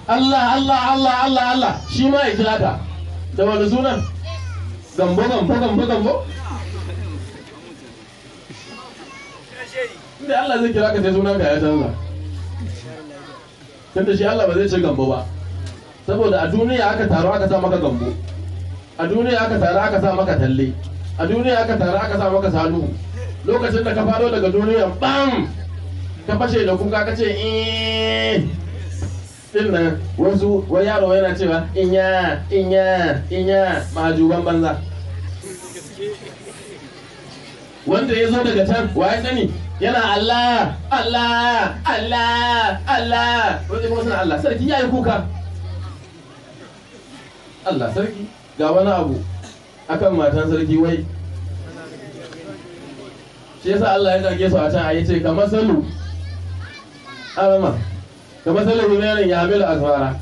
Allah Allah Allah Allah Allah shi ma ya kira ka da wani sunan gambo gambo gambo gambo inda Allah zai kira ka sai sunan ka ya canza tunda shi Allah ba zai ce gambo ba saboda a duniya aka taru aka sa maka gambo a duniya aka tare aka sa maka talle a duniya aka tare aka sa maka salu lokacin da ka faro daga duniya bam ka fashe da kuka ka ce eh. din nan wasu wani yaro yana cewa inya inya inya mahajuban banza wanda ya zo daga can wa ya sani yana Allah Allah Allah Allah wanda kuma suna Allah sarki ya yi kuka Allah sarki ga wani abu akan matan sarki wai shi yasa Allah ya dage su a can yi ce ka masalu alama ka masalu himarin ya a asfara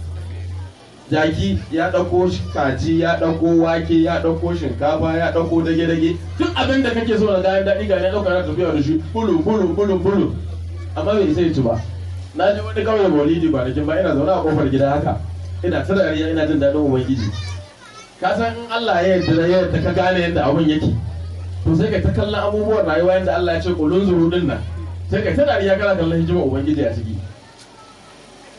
jaki ya ɗauko kaji ya ɗauko wake ya ɗauko shinkafa ya ɗauko dage-dage duk abin da kake so na kayan daɗi ga ya ɗauka na tafiya da shi bulu bulu bulu bulu amma bai sai ci ba na ji wani kawai maulidi kwanakin ba da ina zaune a kofar gida haka ina ta dariya ina jin daɗin ubangiji ka san in Allah ya yarda da yarda ka gane yadda abun yake to sai ka ta kallon abubuwan rayuwa yadda Allah ya ce kulun zuru din nan sai ka ta dariya kana kallon hijima ubangiji a ciki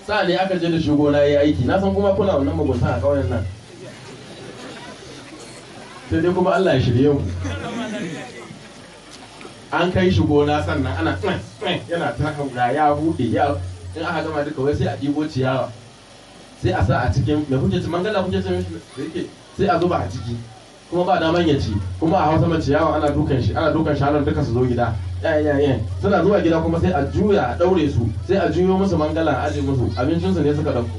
sa aka je da shugo na yi aiki na san kuma kuna wannan mugunta a kauyen nan sai dai kuma Allah ya shirye mu an kai shi gona sannan ana yana ta ga ya bude ya in aka gama duka wai sai a ɗibo ciyawa sai a sa a cikin mai kuke ci mangala kuke ci da yake sai a zuba a ciki kuma ba daman ya ci kuma a hausa mace yawon ana dukan shi ana dukan halar duka su zo gida yayayen suna zuwa gida kuma sai a juya a ɗaure su sai a juyo musu mangala a aje musu abincinsu ne suka dauko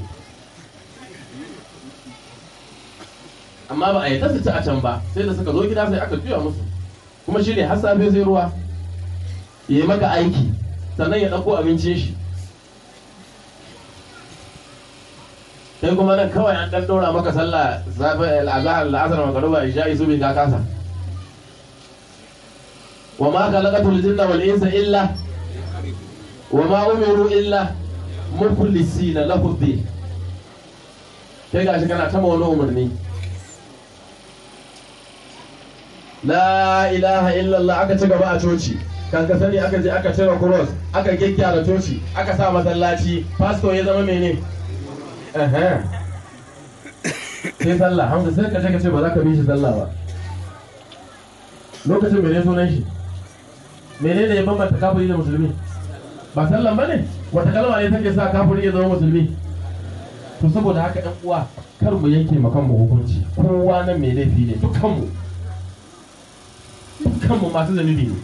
amma ba a yi tasa a can ba sai da suka zo gida sai aka juya musu kuma shi ne har safe sai ruwa ya yi maka aiki sannan ya ɗauko abincin shi kai kuma nan kawai an dan dora maka sallah safe azhar al'asr magruba isha'i bi ka kasa wa ma khalaqatul jinna wal insa illa wa ma umiru illa mukhlisina lahu din kai gashi kana ta wani umarni la ilaha illallah aka ci gaba a coci kan ka sani aka je aka cire cross aka gyaggyara coci aka sa masallaci pastor ya zama mene sai sallah hamza sai kace kace ba za ka bi shi sallah ba lokacin mene sunan shi menene ya bambanta kafiri da musulmi ba sallan bane wata kalma ne take sa kafiri ya zama musulmi to saboda haka ɗan uwa kar mu yanke ma kanmu hukunci kowa nan mai laifi ne dukkanmu dukkanmu masu zanubi ne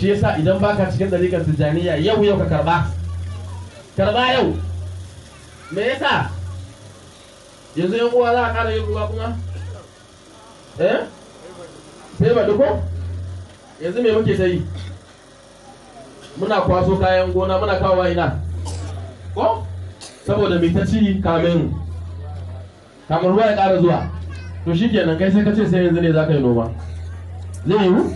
shi yasa idan baka cikin dariƙar tijjaniya yau yau ka karba karba yau me yasa yanzu yan uwa za a kara yin ruwa kuma eh sai ba duko yanzu me muke ta yi muna kwaso kayan gona muna kawowa ina ko saboda mai ta ci kamin kamar ruwa ya ƙara zuwa to shi kenan kai sai ka ce sai yanzu ne za ka yi noma zai yiwu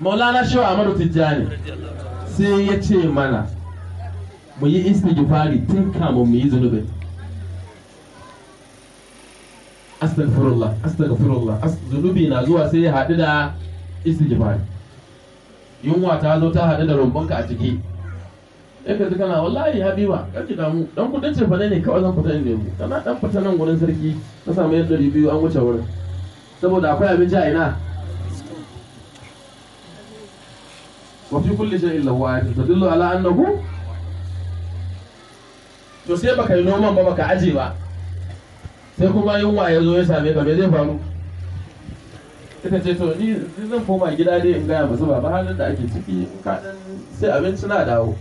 maulana shewa amadu tijjani sai ya ce mana mu yi istighfari tun kamun mu yi zunubin astagfirullah astagfirullah zunubi na zuwa sai ya haɗu da istighfar yunwa ta zo ta haɗu da rumbunka a ciki sai ka kana wallahi habiba ki damu dan kudin ce ne kawai zan fita in nemo kana dan fita nan gurin sarki na samu yadda biyu an wuce wurin saboda akwai abinci a ina wa fi kulli shay'in lahu ayatun tadullu ala annahu to sai baka yi noman ba baka aje ba sai kuma yunwa ya zo ya same ka me zai faru ita ce to ni zan koma gida dai in gaya musu babu halin da ake ciki in ka sai abinci na dawo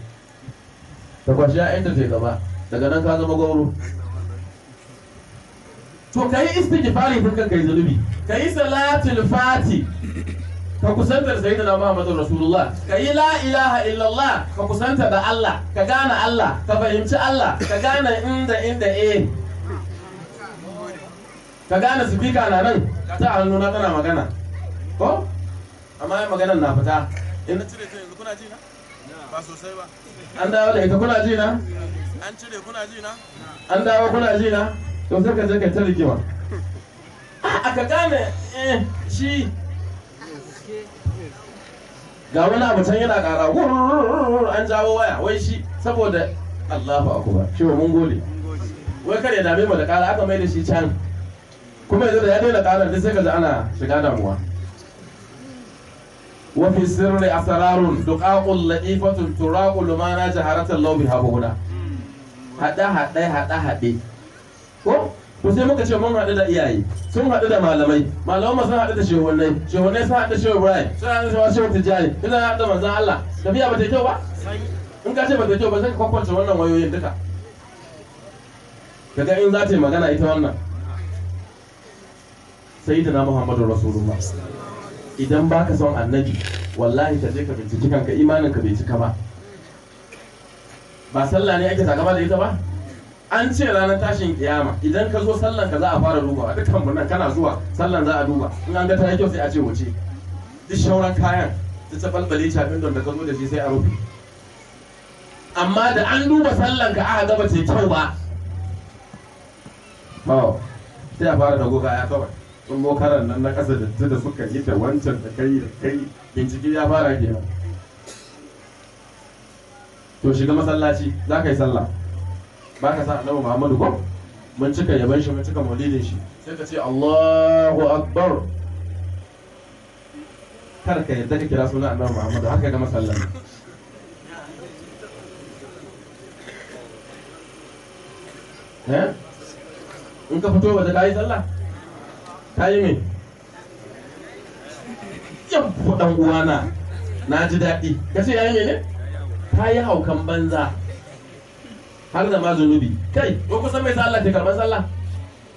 ta kwashi ya ta ce gaba daga nan ka zama gauro to ka yi istighfari tun kanka yi zunubi ka yi salatul fati ka kusantar sayyidina Muhammadu Rasulullah ka yi la ilaha illallah ka kusanta da Allah ka gane Allah ka fahimci Allah ka gane inda inda eh ka gane sifika na nan ka ta hannuna tana magana ko amma yin magana na fita in na cire ta yanzu kuna ji na ba sosai ba an dawo da ita kuna ji na an cire kuna ji na an dawo kuna ji na to sai ka je ka ta rigima a ka gane eh, shi ga wani abu can yana kara an jawo waya wai shi saboda Allahu akbar shi mun gode wai kare dame mu da kara aka mai da shi can kuma yanzu da ya daina ƙarar da sai ka ji ana shiga damuwa wa fi sirri asrarun duqaqul la'ifatun turaqul ma na jaharatan law bi habuna hada hada hada hade ko ku sai muka ce mun haɗu da iyaye sun haɗu da malamai malamai sun haɗu da shehunai shehunai sun haɗu da shehu ibrahim sun haɗu da shehu tijjani Ina haɗu da manzan allah tafiya ba ta kyau ba in ka ce ba ta kyau ba sai ka kwakwance wannan wayoyin duka kaga in za ta yi magana ita wannan sayyidina muhammadu rasulullah idan baka son annabi wallahi ka je ka binciki kanka imanin ka bai cika ba ba sallah ne ake sakaba da ita ba an ce ranar tashin kiyama idan ka zo sallan ka za a fara duba a dukkan murnan kana zuwa sallan za a duba in an ga ta kyau sai a ce wuce duk shauran kayan ta ta balbale shafin don da ka zo da shi sai a rufe amma da an duba sallan ka aka gaba ce kyau ba sai a fara goga ya kawai tsungo karan nan na kasa da da suka yi da wancan da kai da kai bincike ya fara ke to shiga masallaci za ka yi sallah ba ka sa annabi muhammadu ko mun cika yaban shi mun cika maulidin shi sai ka ce allahu akbar kar ka yadda ka kira sunan annabi muhammadu har ka ga masallar? Eh? in ka fito waje ka yi sallah Ta yi min yabba dan uwana na ji daɗi ka ce yayi ne Ta yi haukan banza har da ma zunubi kai ko kusan mai sallah ke karɓar sallah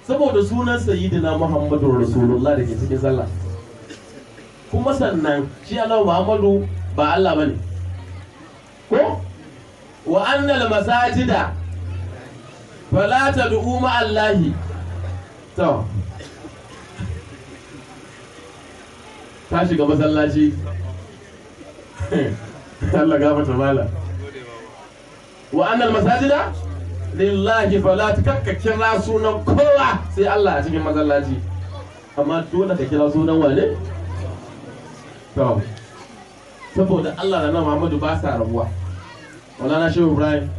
saboda sunan sayyidina muhammadu rasulullah da ke cikin sallah kuma sannan shi Allah muhammadu ba Allah ba ne ko wa annal masajida fala tad'u ma allahi to ta shiga masallaci Allah gafarta mala wa annal masajida lillahi fala takka kira sunan kowa sai Allah a cikin masallaci amma dole ka kira sunan wane to saboda Allah da na Muhammadu ba sa rabuwa Maulana Shehu Ibrahim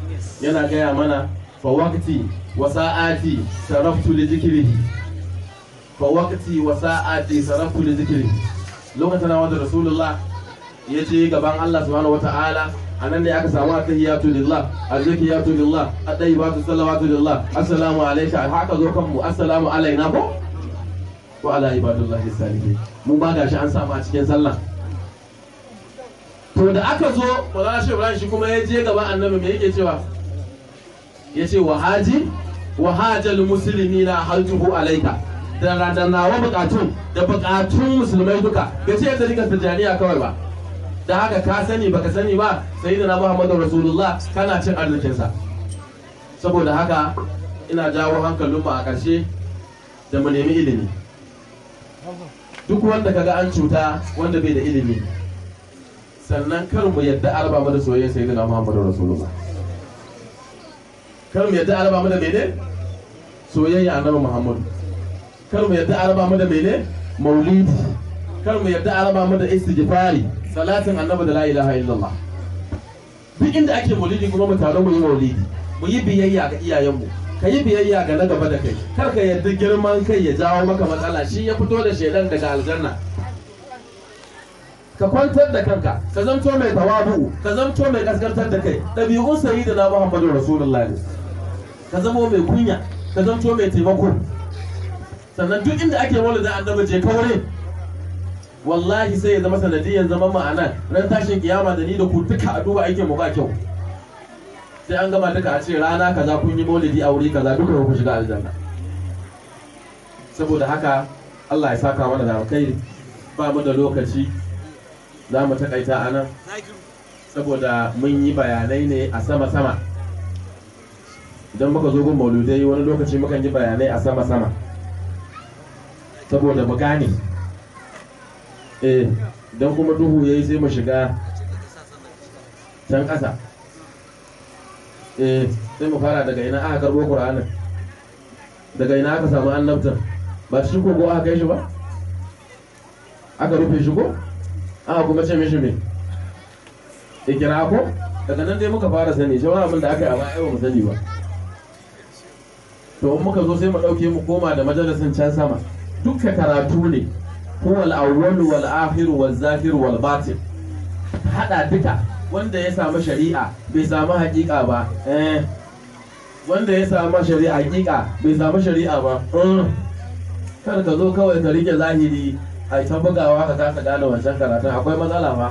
yana gaya mana fa waqti wa sa'ati saraftu li zikrihi fa waqti wa sa'ati saraftu li zikrihi lokacin da wata rasulullah ya ce gaban Allah subhanahu wata'ala a nan ne aka samu a atahiyatu lillah azzakiyatu lillah at-tayyibatu salawatu lillah assalamu alaika. haka zo kan mu assalamu alayna ko ko ala ibadullahi salihin mu ba gashi an samu a cikin sallah to da aka zo wala shi Ibrahim shi kuma ya je gaban annabi me yake cewa ya yace wahaji wahajal muslimina haltuhu alaika. da nawa bukatun da bukatun musulmai duka ga ce yadda rika tijjaniya kawai ba da haka ka sani baka sani ba sai da na muhammadu rasulullah kana cin arzikinsa saboda haka ina jawo hankalinmu a ƙarshe da mu nemi ilimi duk wanda kaga an cuta wanda bai da ilimi sannan kar mu yadda araba mu da soyayya sai da muhammadu rasulullah kar mu yadda araba mu da mene soyayya annabi muhammadu kar mu yarda a raba mu da mene maulid kar mu yarda a mu da istighfari salatin annabi da la ilaha illallah duk inda ake maulidi kuma mu taru mu yi maulidi mu yi biyayya ga iyayenmu ka yi biyayya ga na gaba da kai kar ka yarda girman kai ya jawo maka matsala shi ya fito da shedan daga aljanna ka kwantar da kanka ka zamto mai tawabu ka zamto mai kaskantar da kai ɗabi'un na muhammadu rasulullahi ka zamo mai kunya ka zamto mai taimako sannan duk inda ake da annabi je kawai wallahi sai ya zama sanadiyan zaman ma'ana ran tashin kiyama da ni da ku duka a duba aikin mu ba kyau sai an gama duka a ce rana kaza kun yi maulidi a wuri kaza duka ku shiga aljanna saboda haka Allah ya saka mana da kai ba mu da lokaci za mu takaita a nan saboda mun yi bayanai ne a sama-sama idan muka zo gun mauludai wani lokaci mukan yi bayanai a sama-sama saboda mu gane eh don kuma duhu yayi sai mu shiga can ƙasa eh sai mu fara daga ina aka karbo qur'anin daga ina aka samu annabtar ba shi ko aka kai shi ba aka rufe shi ko aka kuma ce mishi me ikira ko daga nan dai muka fara sani shi wani abin da aka yi a baya ba mu sani ba to in muka zo sai mu ɗauke mu koma da majalisin can sama duka karatu ne ko awwal wal akhir wal zahir wal batin hada duka wanda ya samu shari'a bai samu hakika ba eh wanda ya samu shari'a hakika bai samu shari'a ba eh. kar ka zo kawai ka rike zahiri a ta bugawa ka kasa gane wancan karatun akwai matsala ba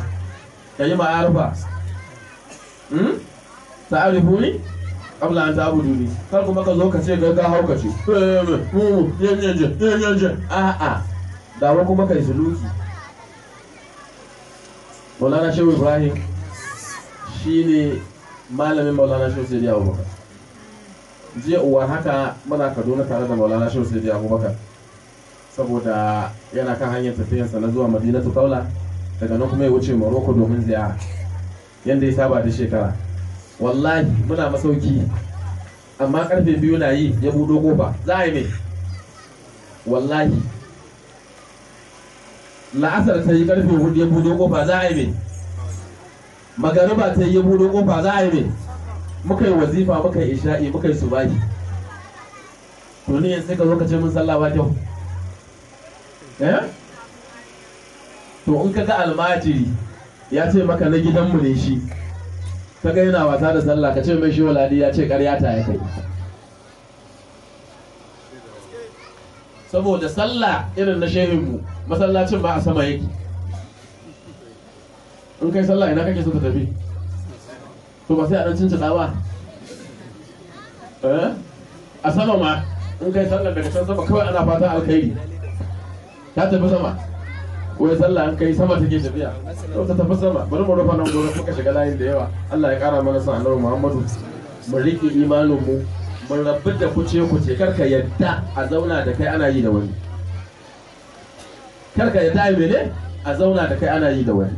ka yi ma'arufa hmm? ta'arifu ne abla an tabu duni kar kuma ka zo ka ce ga ka haukace mu yanyanyan yanyanyan a'a dawo kuma kai suluki maulana shehu ibrahim shine malamin maulana shehu sai abubakar jiya uwa haka muna kaduna tare da maulana shehu sai abubakar saboda yana kan hanyar tafiyarsa na zuwa madinatu kaula daga nan kuma ya wuce morocco domin ziyara yadda ya saba da shekara wallahi muna masauki amma karfe biyu na yi ya budo kofa za a yi mai wallahi la'asar ta yi karfe hudu ya budo kofa za a yi mai magariba ta yi ya budo kofa za a yi mai muka yi wazifa muka yi isha'i muka yi subahi to ni yanzu ka zo ka ce mun sallah ba kyau eh to in ka ga almajiri ya ce maka na gidanmu ne shi ta ga yana wasa da sallah ka ce mai shi waladi ya ce karya ta ya kai saboda sallah irin na shehinmu masallacin ba a sama yake in kai sallah ina kake so ka tafi to ba sai a dan cin ba eh? a sama ma in kai sallah daga can sama kawai ana fata alkhairi ta tafi sama wai sallah an kai sama take tafiya to ta tafi sama bari mu rufa nan gurin muka shiga layin da yawa Allah ya kara mana sa annabi Muhammadu mu rike imanin mu mu rabu da kuce kuce karka yadda a zauna da kai ana yi da wani karka yadda a mene a zauna da kai ana yi da wani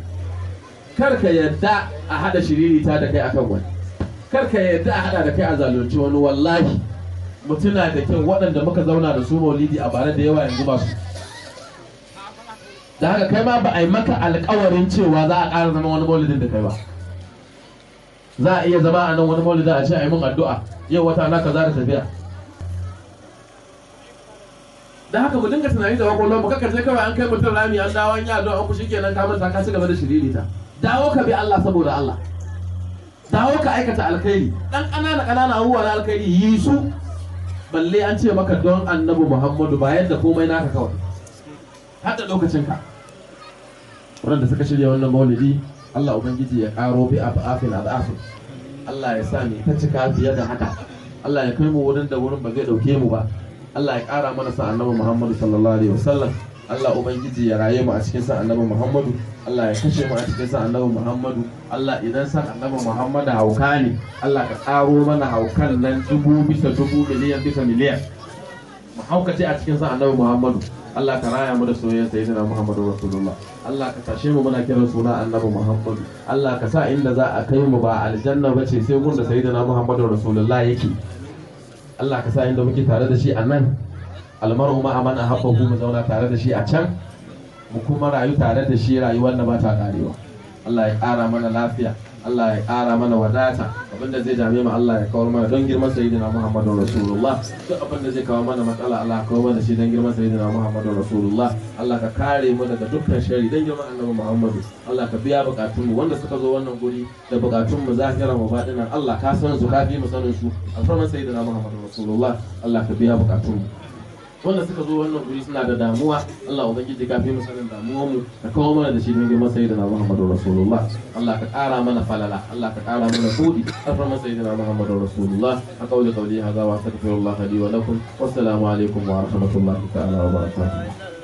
karka yadda a hada shiririta da kai akan wani karka yadda a hada da kai a zalunci wani wallahi mutuna da kyau waɗanda muka zauna da su maulidi a bare da yawa yanzu masu da haka kai ma ba a yi maka alkawarin cewa za a ƙara zama wani maulidin da kai ba za a iya zama a nan wani maulidin a ce a yi mun addu'a yau wata na kaza da tafiya da haka mu dinga tunani da kwakwalwar mu kakkace kawai an kai mutum rami an dawo an yi addu'a an kushi kenan ka manta ka ci gaba da shiririta dawo ka bi Allah saboda Allah dawo ka aikata alkhairi dan ƙanana ƙanana abubuwa na alkhairi yi su balle an ce maka don annabi Muhammadu ba yadda komai naka kawai hada lokacinka waɗanda suka shirya wannan maulidi Allah ubangiji ya ƙaro bi a fa'afin al'afin Allah ya sa ni ta cika fiye da haka Allah ya kai mu wurin da wurin ba zai ɗauke mu ba Allah ya ƙara mana sa annabi Muhammadu sallallahu alaihi wasallam Allah ubangiji ya raye mu a cikin sa annabi Muhammadu Allah ya kashe mu a cikin sa annabi Muhammadu Allah idan sa annabi Muhammadu hauka ne Allah ka ƙaro mana haukan nan dubu bisa dubu miliyan bisa miliyan mu haukace a cikin sa annabi Muhammadu Allah ka raya mu da soyayyar sayyidina Muhammadu Rasulullah Allah ka tashe mu muna kiran suna Annabi Muhammadu Allah ka sa inda za a kai mu ba aljanna ba ce sai gunda sayyidina Muhammadu Rasulullah yake Allah ka sa inda muke tare da shi a nan almaru ma amana ahabba mu zauna tare da shi a can mu kuma rayu tare da shi rayuwar da ba ta karewa Allah ya ƙara mana lafiya Allah ya ƙara mana wadata abinda zai dame ma Allah ya kawar mana don girman sayyidina Muhammadu Rasulullah duk abinda zai kawo mana matsala Allah kawo mana shi don girman sayyidina Muhammadu Rasulullah Allah ka kare mu daga dukkan shari don girman Annabi Muhammadu Allah ka biya bukatun mu wanda suka zo wannan guri da bukatun mu zahira mu badinan Allah ka san su ka fi mu sanin su alfarman sayyidina Muhammadu Rasulullah Allah ka biya bukatun mu wanda suka zo wannan guri suna da damuwa Allah ubangiji ka fi musanin damuwar mu ka kawo mana da shi don da sayyidina Muhammadu Rasulullah Allah ka ƙara mana falala Allah ka kara mana kudi aframa sayyidina Muhammadu Rasulullah aqawli qawli hadha wa sakafirullah hadi wa lakum wassalamu alaikum wa rahmatullahi ta'ala wa barakatuh